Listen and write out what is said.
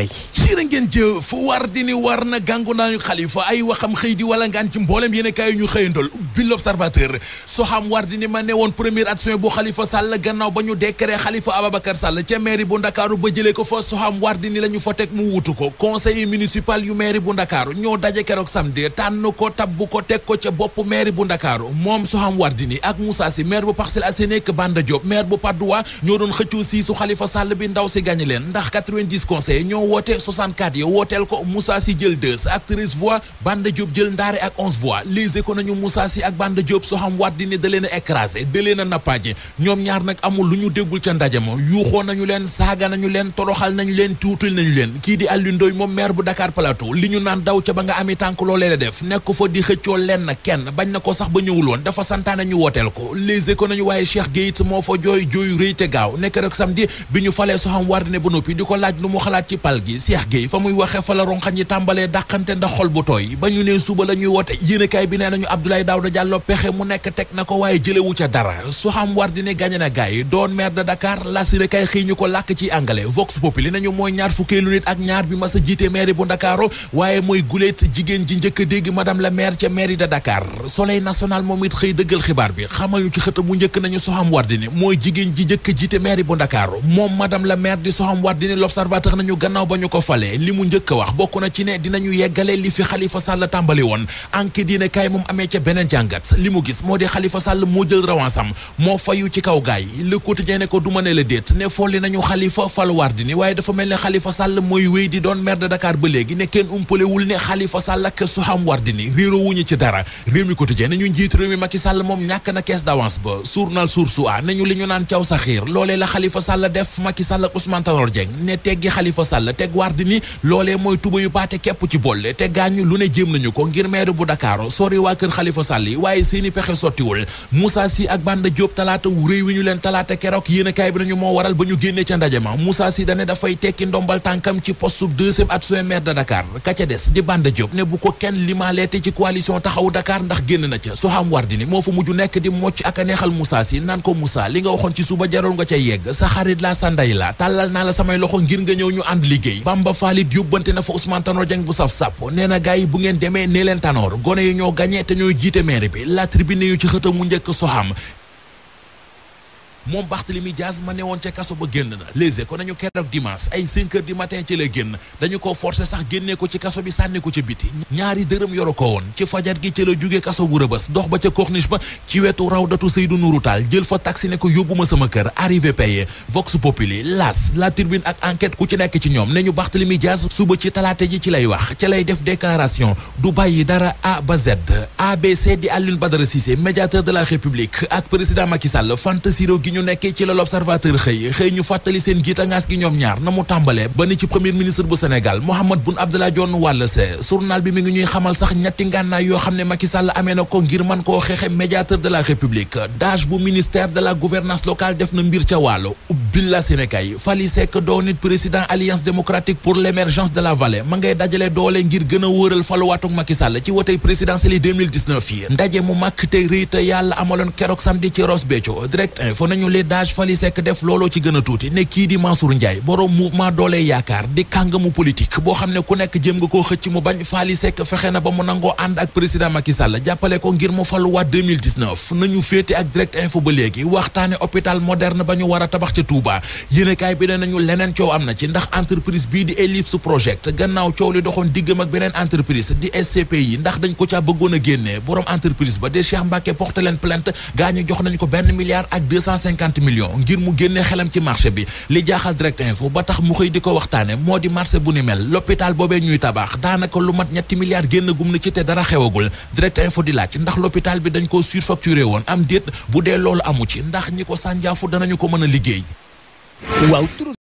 Hey. jërë ngeen jëf war di ni war na gàngu nañu xalifa ay waxam xëy di wala ngaan ci mboolem yéen kaay ñu xëyandool bi l'observateur soxam war di ma ne woon premier adjoint bu xalifa sàll gannaaw ba ñu décret bu ndakaaru ba jëlee ko fa soxam war di ni la mu wutu ko conseiller municipal yu mairie bu ndakaaru ñoo daje keroog samedi tànn ko tabbu ko teg ko ca bopp mairie bu ndakaaru moom soxam war di ak Moussa Sy maire bu Parcelles Assainies ak Banda Diop maire bu Patte d'Oie ñoo doon xëccoo siisu xalifa sàll bi ndaw si gàñi leen ndax 64 ya wooteel ko Moussa Sy jël 2 ak 13 voix Banda Diop jël ndaare ak 11 voix lise ko nañu Moussa Sy ak Banda Diop soo xam waat di ne da leen a écrasé na a nappaaje ñoom ñaar nag amul lu ñu déggul ca ndaje ma yuuxoo nañu leen saaga nañu leen toroxal nañu leen tuutul nañu leen kii di Alioune Ndoye moom maire bu Dakar Plateau li ñu naan daw ca ba nga amee tànk loolee la def nekk fa di xëccoo lenn kenn bañ na ko sax ba ñëwul woon dafa santaane ñu wooteel ko lise ko nañu waaye Cheikh Gueye moo fa jooy jooyu ko laaj lu mu Gueye fa muy waxee fa la ronxañ yi tàmbalee dàqante ndax xol bu tooy ba ñu nee suba la ñuy wote yéenekaay bi nee nañu Abdoulaye Daouda Diallo pexe mu nekk teg na ko waaye jëlewu ca dara Soham Wardini gañe na gaay doon maire de Dakar las yéenekaay xëy ñu ko làkk ci angale Vox Populi nañu mooy ñaar fukkeelu nit ak ñaar bi mas a jiite maire bu Ndakaaru waaye mooy guléet jigéen ji njëkk a dégg madame la maire ca mairie de Dakar Soleil national moom it xëy dëggal xibaar a tàmbalee li mu njëkk a wax bokk na ci ne dinañu yeggale li fi Khalifa Sall tàmbali woon enquête moom amee ca beneen jàngat li mu gis moo di Khalifa Sall moo jël rawansam moo fayu ci kaw gaay Le Quotidien ne ko du ma ne la déet ne folli nañu Khalifa falwaar di ni waaye dafa mooy wéy di doon maire Dakar ba léegi ne kenn umpalewul ne Khalifa Sall ak Soham Wardini réeroo wuñu ci dara réew mi Quotidien ne ñu njiit réew mi Macky Sall moom ñàkk na caisse d'avance ba journal Source A nañu li ñu naan caw sa xiir loolee la Khalifa Sall def Macky Sall ak Ousmane Tanor Dieng ne teggi Khalifa Sall teg Wardini xamante ni loolee mooy tuba yu paate képp ci bolle te gaañu lu ne jéem nañu ko ngir maire bu Dakar sori waa kër Xalifa Sall yi waaye seeni pexe sottiwul Moussa si ak Banda Diop talaata wu réew wi ñu leen talaata keroog yéenekaay bi nañu moo waral ba ñu génnee ca ndaje ma Moussa Sy dane dafay tekki ndombal tànkam ci poste sub deuxième adjoint maire de Dakar ka ca des di Banda Diop ne bu ko kenn limaaleete ci coalition taxawu dakaar ndax génn na ca Soham Wardini moo fa mujj nekk di mocc ak a neexal Moussa Sy naan ko Moussa li nga waxoon ci suba jaroon nga ca yegg sa xarit la sa nday la tàllal naa la samay loxo ngir nga ñëw ñu ànd liggéey Demba Fall it yóbbante na fa Ousmane Tanor Dieng bu saf sàpp nee na gars yi bu ngeen demee nee leen Tanor gone yi ñoo gañee te ñooy jiite maire bi la tribune yu ci xët mu njëkk soxam moom mi Diaz ma ne woon ca kaso ba génn na les éco nañu keroog dimanche ay 5 heures du matin ci la génn dañu ko forcé sax génnee ko ci kaso bi sànni ko ci biti ñaari dërëm yoru ko woon ci fajar gi ci la jóge kaso bu rëbës dox ba ca corniche ba ci wetu rawdatu Seydou Nourou Tall jël fa taxi ne ko yóbbu ma sama kër arrivé payé Vox Populi las la tribune ak enquête ku ci nekk ci ñoom ne ñu Barthélémy Diaz suba ci talaate ji ci lay wax ca lay def déclaration du bàyyi dara A ba Z ABC di Alioune Badara Cissé médiateur de la République ak président Macky Sall fantasirogi gi ñu nekkee ci la l'observateur xëy xëy ñu fàttali seen jiitangaas gi ñoom ñaar na mu tàmbalee ba ni ci premier ministre bu Sénégal Mahammed Boun Abdallah Dionne Wàlla Sé journal bi mi ngi ñuy xamal sax ñetti ngànnaay yoo xam ne Macky Sall amee na ko ngir man koo xeexe médiateur de la République dage bu ministère de la gouvernance locale def na mbir ca wàllu billa Sénégal Fally Seck doo nit président alliance démocratique pour l'émergence de la vallée ma ngay dajale doole ngir gën a wóoral nañu li daaj fali sekk def looloo ci gën a tuuti ne kii di Mansour Ndiaye borom mouvement doole yaakaar di kàngamu politique boo xam ne ku nekk jëm nga koo xëcc mu bañ faali sekk fexe na ba mu nangoo ànd ak président Macky Sall jàppale ko ngir mu faluwaat 2019 nañu féete ak direct info ba léegi waxtaane hôpital moderne ba ñu war a tabax ca Touba yéenekaay bi ne nañu leneen coow am na ci ndax entreprise bii di Ellipse Project gannaaw coow li doxoon diggam ak beneen entreprise di SCPI ndax dañ ko caa bëggoon a génnee borom entreprise ba de Cheikh Mbacké porte leen plainte gaa ñu jox nañ ko cinquante millions ngir mu génnee xelam ci marché bi li jaaxal direct info ba tax mu xëy di ko waxtaane moo di marché bu ni mel l'hôpital boobee ñuy tabax daanaka lu mat ñetti milliards génn gum na ci te dara xewagul direct info di laaj ndax l'hôpital bi dañ ko surfacturé woon am déet bu dee loolu amu ci ndax ñi ko sànjaafu danañu ko mën a liggéey